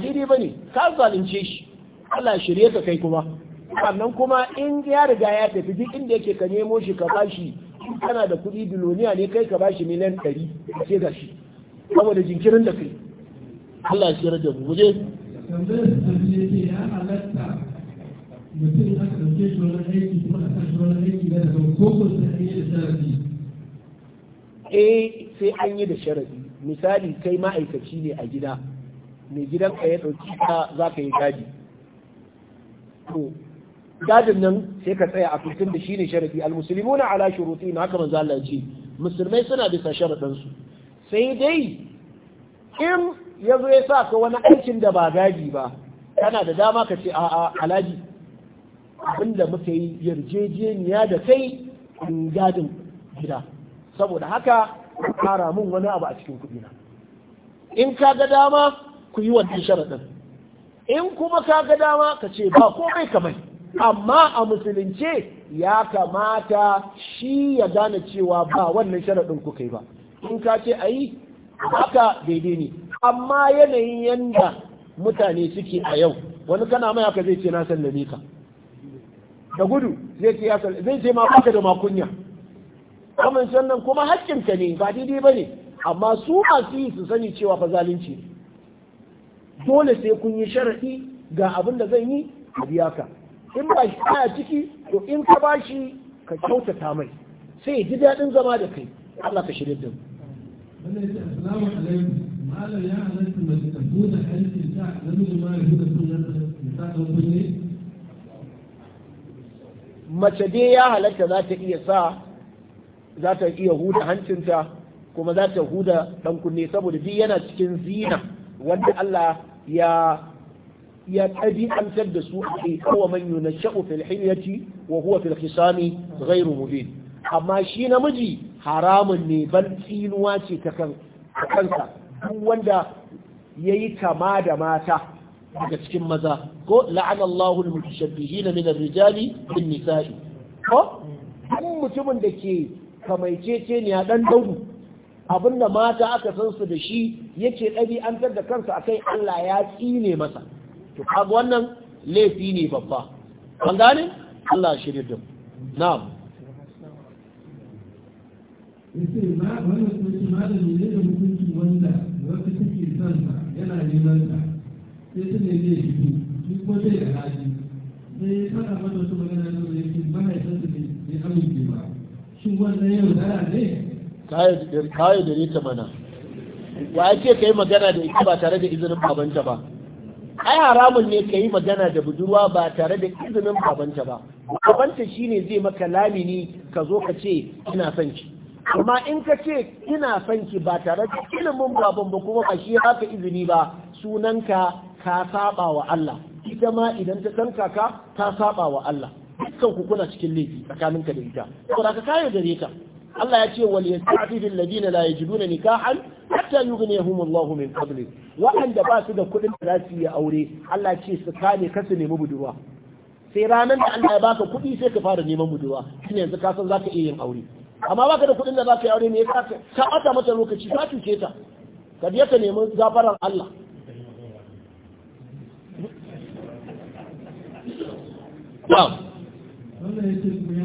daidai ba ne ka zalunce shi Allah shirye ka kai kuma sannan kuma in ya riga ya tafi duk inda yake ka nemo shi ka bashi kana da kuɗi biloniya ne kai ka bashi miliyan ɗari sai ga shi saboda jinkirin da kai Allah ya rage da mu je da ne ya aka aiki kuma aiki eh sai an yi da sharadi misali kai ma'aikaci ne a gida mai ka ya ɗauki ka za ka yi gadi to gadin nan sai ka tsaya a fitin da shine sharafi almuslimuna ala shurutin haka manzo Allah ce musulmai suna bisa sharadan su sai dai in zo ya sa ka wani aikin da ba gadi ba kana da dama ka ce a'a alaji abinda muka yi yarjejeniya da kai in gadin gida saboda haka kara mun wani abu a cikin na. in ka ga dama ku yi wannan sharaɗin in kuma ka ga dama ka ce ba komai kamai amma a musulunce ya kamata shi ya gane cewa ba wannan sharaɗin ku kai ba in ka ce a yi haka daidai ne amma yanayin yanda mutane suke a yau wani kana mai haka zai ce na sallame ka da gudu zai ce ce ma baka da makunya kamar sannan kuma haƙƙinka ne ba daidai ba ne amma su masu yi su sani cewa fa zalunci ne dole sai kun yi sharaɗi ga abin da zan yi a biya ka in ba shi a ciki to in ka ba shi ka kyautata mai sai ji daɗin zama da kai Allah ka shirya da mace dai ya halatta za ta iya sa za ta iya huda hancinta kuma za ta huda ɗan kunne saboda biyu yana cikin zina wanda Allah ya ya ɗabi'antar da su a kowa man yuna sha'u fil hilyati wa huwa fil khisami mubin amma shi namiji haramun ne ban tsinuwa ce ta kansa duk wanda yayi kama da mata daga cikin maza ko la'anallahu al-mutashabbihina min ar-rijali bin nisa'i ko mutumin da ke kamaicece ne a ɗan daudu Abin da mata aka san su da shi yake ɗabi'antar da kansa kai Allah ya tsine masa to kaga wannan laifi ne babba Wanda gane Allah shirye da mu na'am wannan kuma da wanda yana sai ne sai shin wannan yau da ne kayo da ta mana wa ake ka yi magana da ita ba tare da izinin babanta ba ai haramun ne ka yi magana da budurwa ba tare da izinin babanta ba babanta shine zai maka lamini ka zo ka ce ina son ki amma in ka ce ina son ki ba tare da ilimin baban ba kuma ba shi haka izini ba sunanka ka saba wa Allah ita ma idan ta san kaka ta saba wa Allah dukkan ku kuna cikin laifi tsakaninka da ita saboda ka kayo gare ka Allah ya ce wal yasta'fifu alladhina la yajiduna nikahan hatta yughniyahum Allah min fadli wa'anda ba su da kuɗin da za su yi aure Allah ce su kane kasu nemi budurwa sai ranar da Allah ya baka kuɗi sai ka fara neman budurwa shine yanzu ka san zaka iya yin aure amma baka da kuɗin da zaka yi aure ne ka ka ata mata lokaci ka cuce ta ka je ka nemi gafarar Allah Wow. Allah ya ce ku ya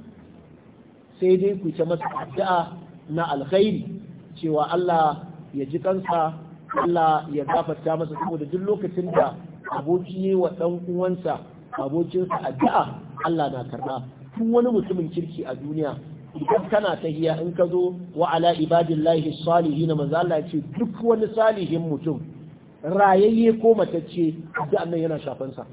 sai dai ku ta masa addu'a na alkhairi cewa Allah ya ji kansa Allah ya gafarta masa saboda duk lokacin da aboki wa dan uwansa abokinsa addu'a Allah na karba tun wani mutumin kirki a duniya idan kana tahiya in ka zo wa ala ibadillahi salihin manzo Allah ya ce duk wani salihin mutum rayayye ko matacce addu'a nan yana shafansa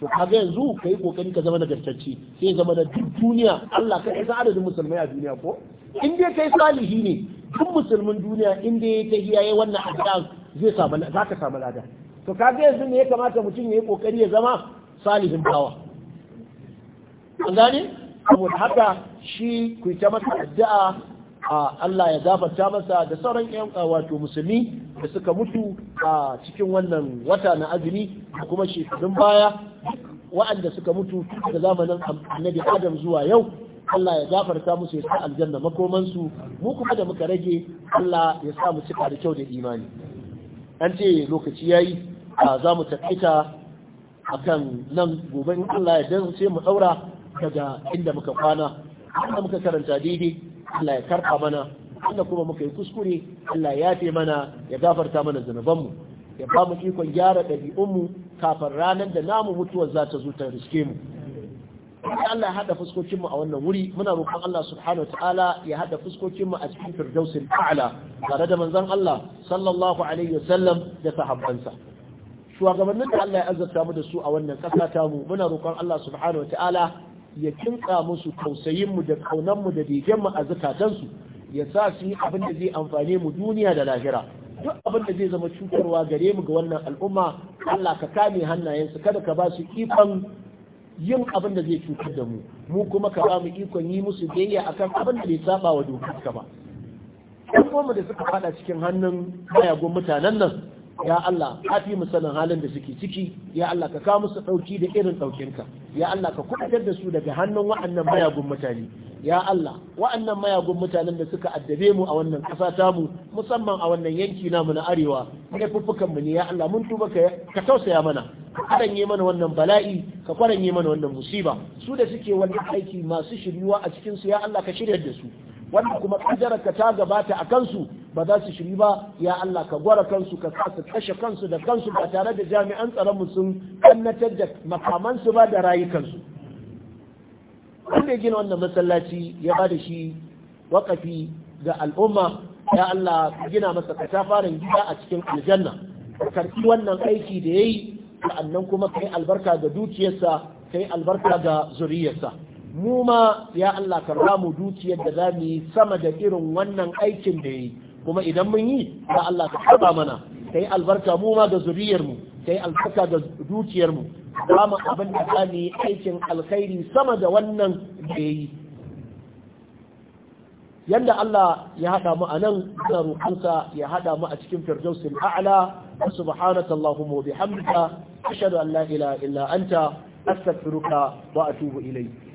to kaga yanzu kai kokari ka zama na nagartacce sai zama na duk duniya Allah ka isa adadin musulmai a duniya ko in dai kai salihi ne duk musulmin duniya in dai ya tahiya yayi wannan addu'a zai samu za ka samu lada to kaga yanzu ne ya kamata mutum ya yi kokari ya zama salihin bawa an gane saboda haka shi ku ta masa addu'a Allah ya gafarta masa da sauran yan wato musulmi da suka mutu a cikin wannan wata na azumi da kuma shekarun baya wa'anda suka mutu da zamanin annabi Adam zuwa yau Allah ya gafarta musu ya sa aljanna makomansu mu kuma da muka rage Allah ya sa mu cika da kyau da imani an ce lokaci yayi za mu takaita akan nan gobe in Allah ya dan sai mu daura daga inda muka kwana inda muka karanta daidai Allah ya karɓa mana Allah kuma muka yi kuskure Allah ya yafe mana ya gafarta mana zunubanmu ya ba mu ikon gyara ɗabi'unmu kafin ranar da namu mutuwar za ta zo ta riske mu Allah ya haɗa fuskokinmu a wannan wuri muna roƙon Allah subhanahu wa ta'ala ya haɗa fuskokinmu a cikin firdausin a'la tare da manzon Allah sallallahu alaihi sallam, da sahabbansa shugabannin da Allah ya azurta mu da su a wannan ƙasa ta mu muna roƙon Allah subhanahu wa ta'ala ya kinka musu tausayinmu da mu da begenmu a su ya sa su yi abin da zai amfane mu duniya da lahira duk abin da zai zama cutarwa gare mu ga wannan al'umma Allah ka kame hannayensu kada ka ba su ikon yin abin da zai cutar da mu mu kuma ka ba mu ikon yi musu biyayya akan abin da bai saba wa dokar ka ba kuma da suka fada cikin hannun mayagun mutanen nan ya Allah ka fi sanin halin da suke ciki ya Allah ka kawo musu ɗauki da irin ɗaukinka ya Allah ka kuɗatar da su daga hannun wa'annan mayagun mutane ya Allah wa'annan mayagun mutanen da suka addabe mu a wannan ƙasa mu, musamman a wannan yanki namu na arewa laifuffukan mu ne ya Allah mun tuba ka tausaya mana ka karanye mana wannan bala'i ka kwaranye mana wannan musiba su da suke wani aiki masu shiryuwa a cikin su ya Allah ka shiryar da su wanda kuma ka ta gabata a kansu ba za su shiri ba ya Allah ka gwara kansu ka sa su kashe kansu da kansu ba tare da jami'an tsaronmu sun kannatar da makamansu ba da rayukansu wanda ya gina wannan masallaci ya ba da shi wakafi ga al'umma ya Allah ka gina masa fara gida a cikin aljanna karfi wannan aiki da ya yi sa'annan kuma kai albarka ga dukiyarsa kai albarka ga zuriyarsa mu ma ya Allah ka mu dukiyar da za mu yi sama da irin wannan aikin da yi kuma idan mun yi ya Allah ka karba mana yi albarka mu ma da zuriyarmu mu yi albarka da dukiyarmu ba mu abin da za mu yi aikin alkhairi sama da wannan da yi Yadda Allah ya haɗa mu a nan da rukunsa ya haɗa mu a cikin firdausil a'la subhanaka allahumma wa bihamdika ashhadu an la ilaha illa anta astaghfiruka wa atubu ilayk